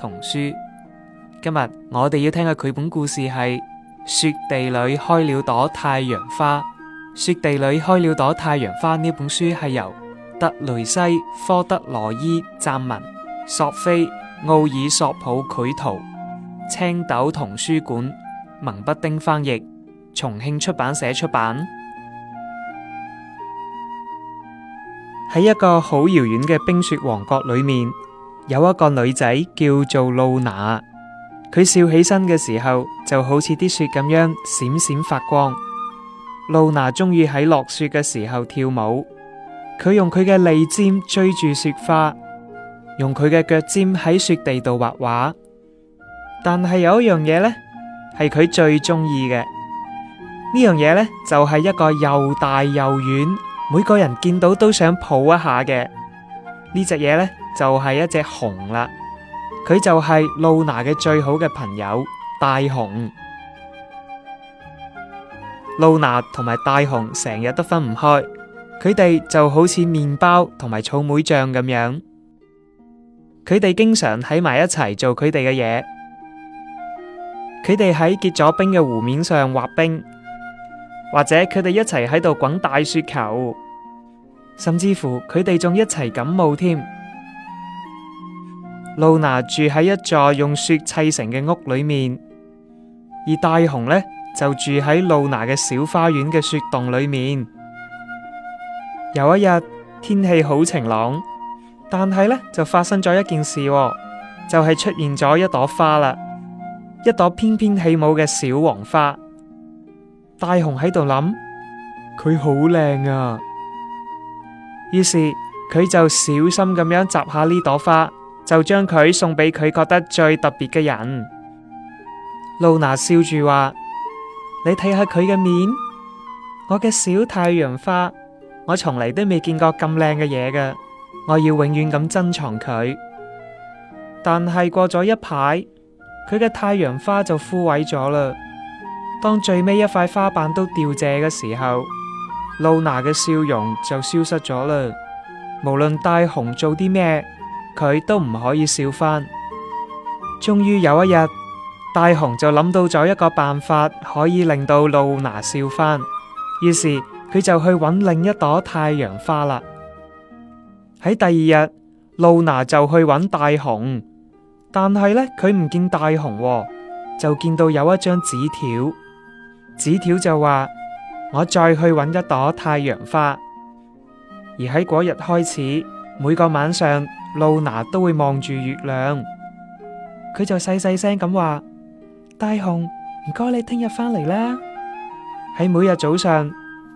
童書，今日我哋要聽嘅繪本故事係《雪地裏開了朵太陽花》。《雪地裏開了朵太陽花》呢本書係由特雷西科德羅伊撰文，索菲奧爾索普繪圖，青豆童書館文不丁翻譯，重慶出版社出版。喺一個好遙遠嘅冰雪王國裏面。有一個女仔叫做露娜，佢笑起身嘅時候就好似啲雪咁樣閃閃發光。露娜中意喺落雪嘅時候跳舞，佢用佢嘅利尖追住雪花，用佢嘅腳尖喺雪地度畫畫。但係有一樣嘢呢，係佢最中意嘅呢樣嘢呢，就係、是、一個又大又軟，每個人見到都想抱一下嘅呢隻嘢呢。就係一隻熊啦，佢就係露娜嘅最好嘅朋友大熊。露娜同埋大熊成日都分唔開，佢哋就好似麵包同埋草莓醬咁樣。佢哋經常喺埋一齊做佢哋嘅嘢，佢哋喺結咗冰嘅湖面上滑冰，或者佢哋一齊喺度滾大雪球，甚至乎佢哋仲一齊感冒添。露娜住喺一座用雪砌成嘅屋裏面，而大熊呢，就住喺露娜嘅小花園嘅雪洞裏面。有一日天氣好晴朗，但係呢，就發生咗一件事喎，就係出現咗一朵花啦，一朵翩翩起舞嘅小黃花。大熊喺度諗，佢好靚啊，於是佢就小心咁樣摘下呢朵花。就將佢送俾佢覺得最特別嘅人。露娜笑住話：你睇下佢嘅面，我嘅小太陽花，我從嚟都未見過咁靚嘅嘢嘅，我要永遠咁珍藏佢。但係過咗一排，佢嘅太陽花就枯萎咗啦。當最尾一塊花瓣都掉謝嘅時候，露娜嘅笑容就消失咗啦。無論大熊做啲咩，佢都唔可以笑返。終於有一日，大熊就諗到咗一個辦法，可以令到露娜笑返。於是佢就去揾另一朵太陽花啦。喺第二日，露娜就去揾大熊，但係呢，佢唔見大熊喎，就見到有一張紙條。紙條就話：我再去揾一朵太陽花。而喺嗰日開始。每個晚上，盧娜都會望住月亮，佢就細細聲咁話：大熊唔該，你聽日返嚟啦。喺每日早上，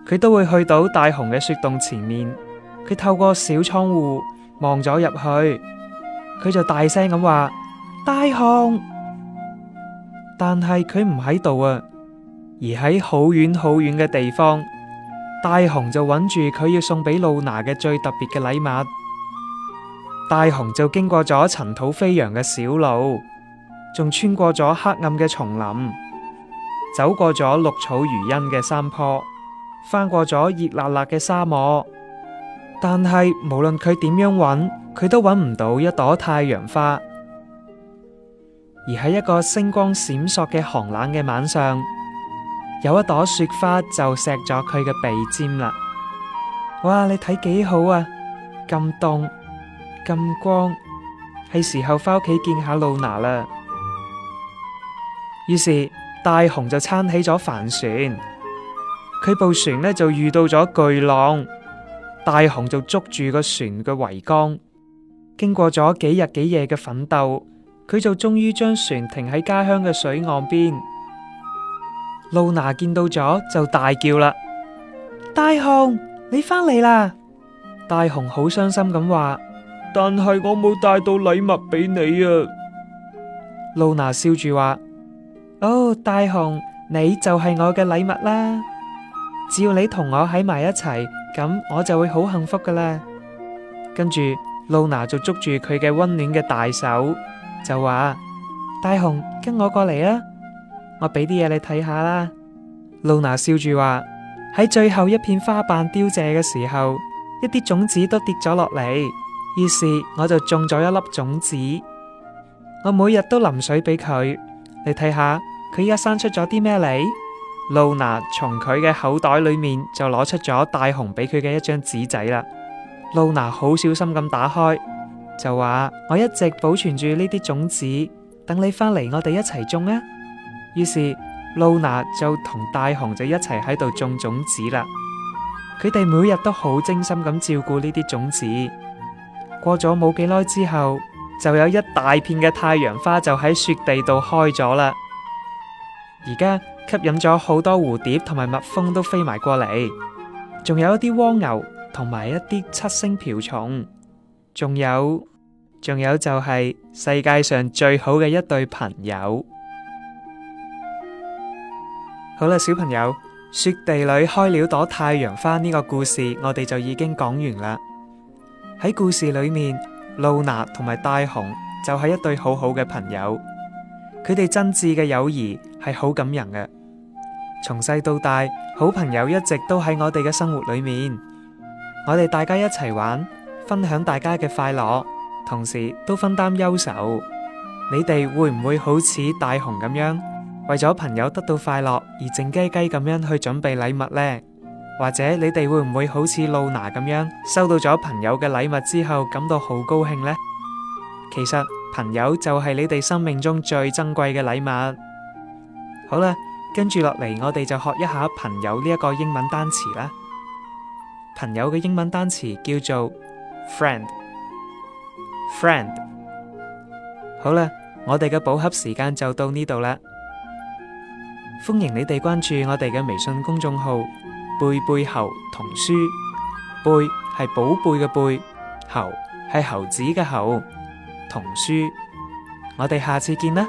佢都會去到大熊嘅雪洞前面，佢透過小窗戶望咗入去，佢就大聲咁話：大熊，但係佢唔喺度啊。而喺好遠好遠嘅地方，大熊就揾住佢要送俾盧娜嘅最特別嘅禮物。大熊就經過咗塵土飛揚嘅小路，仲穿過咗黑暗嘅叢林，走過咗綠草如茵嘅山坡，翻過咗熱辣辣嘅沙漠。但係無論佢點樣揾，佢都揾唔到一朵太陽花。而喺一個星光閃爍嘅寒冷嘅晚上，有一朵雪花就錫咗佢嘅鼻尖啦。哇，你睇幾好啊！咁凍。咁光係時候返屋企見下露娜啦。於是大熊就撐起咗帆船，佢部船呢就遇到咗巨浪，大熊就捉住個船嘅桅杆。經過咗幾日幾夜嘅奮鬥，佢就終於將船停喺家鄉嘅水岸邊。露娜見到咗就大叫啦：大熊，你返嚟啦！大熊好傷心咁話。但係我冇帶到禮物俾你啊，露娜笑住話：哦，大熊，你就係我嘅禮物啦。只要你同我喺埋一齊，咁我就會好幸福噶啦。跟住露娜就捉住佢嘅溫暖嘅大手，就話：大熊，跟我過嚟啊，我俾啲嘢你睇下啦。露娜笑住話：喺最後一片花瓣凋謝嘅時候，一啲種子都跌咗落嚟。於是我就種咗一粒種子，我每日都淋水俾佢。你睇下佢依家生出咗啲咩嚟？盧娜從佢嘅口袋裏面就攞出咗大熊俾佢嘅一張紙仔啦。盧娜好小心咁打開，就話我一直保存住呢啲種子，等你返嚟我哋一齊種啊。於是盧娜就同大熊就一齊喺度種種子啦。佢哋每日都好精心咁照顧呢啲種子。過咗冇幾耐之後，就有一大片嘅太陽花就喺雪地度開咗啦。而家吸引咗好多蝴蝶同埋蜜蜂都飛埋過嚟，仲有一啲蝸牛同埋一啲七星瓢蟲，仲有，仲有就係世界上最好嘅一對朋友。好啦，小朋友，雪地裏開了朵太陽花呢個故事，我哋就已經講完啦。喺故事裏面，露娜同埋大熊就係一對好好嘅朋友，佢哋真摯嘅友誼係好感人嘅。從細到大，好朋友一直都喺我哋嘅生活裏面，我哋大家一齊玩，分享大家嘅快樂，同時都分擔憂愁。你哋會唔會好似大熊咁樣，為咗朋友得到快樂而靜雞雞咁樣去準備禮物呢？或者你哋會唔會好似露娜咁樣，收到咗朋友嘅禮物之後，感到好高興呢？其實朋友就係你哋生命中最珍貴嘅禮物。好啦，跟住落嚟，我哋就學一下朋友呢一個英文單詞啦。朋友嘅英文單詞叫做 friend，friend friend。好啦，我哋嘅寶盒時間就到呢度啦。歡迎你哋關注我哋嘅微信公眾號。貝貝猴童書，貝係寶貝嘅貝，猴係猴子嘅猴，童書，我哋下次見啦。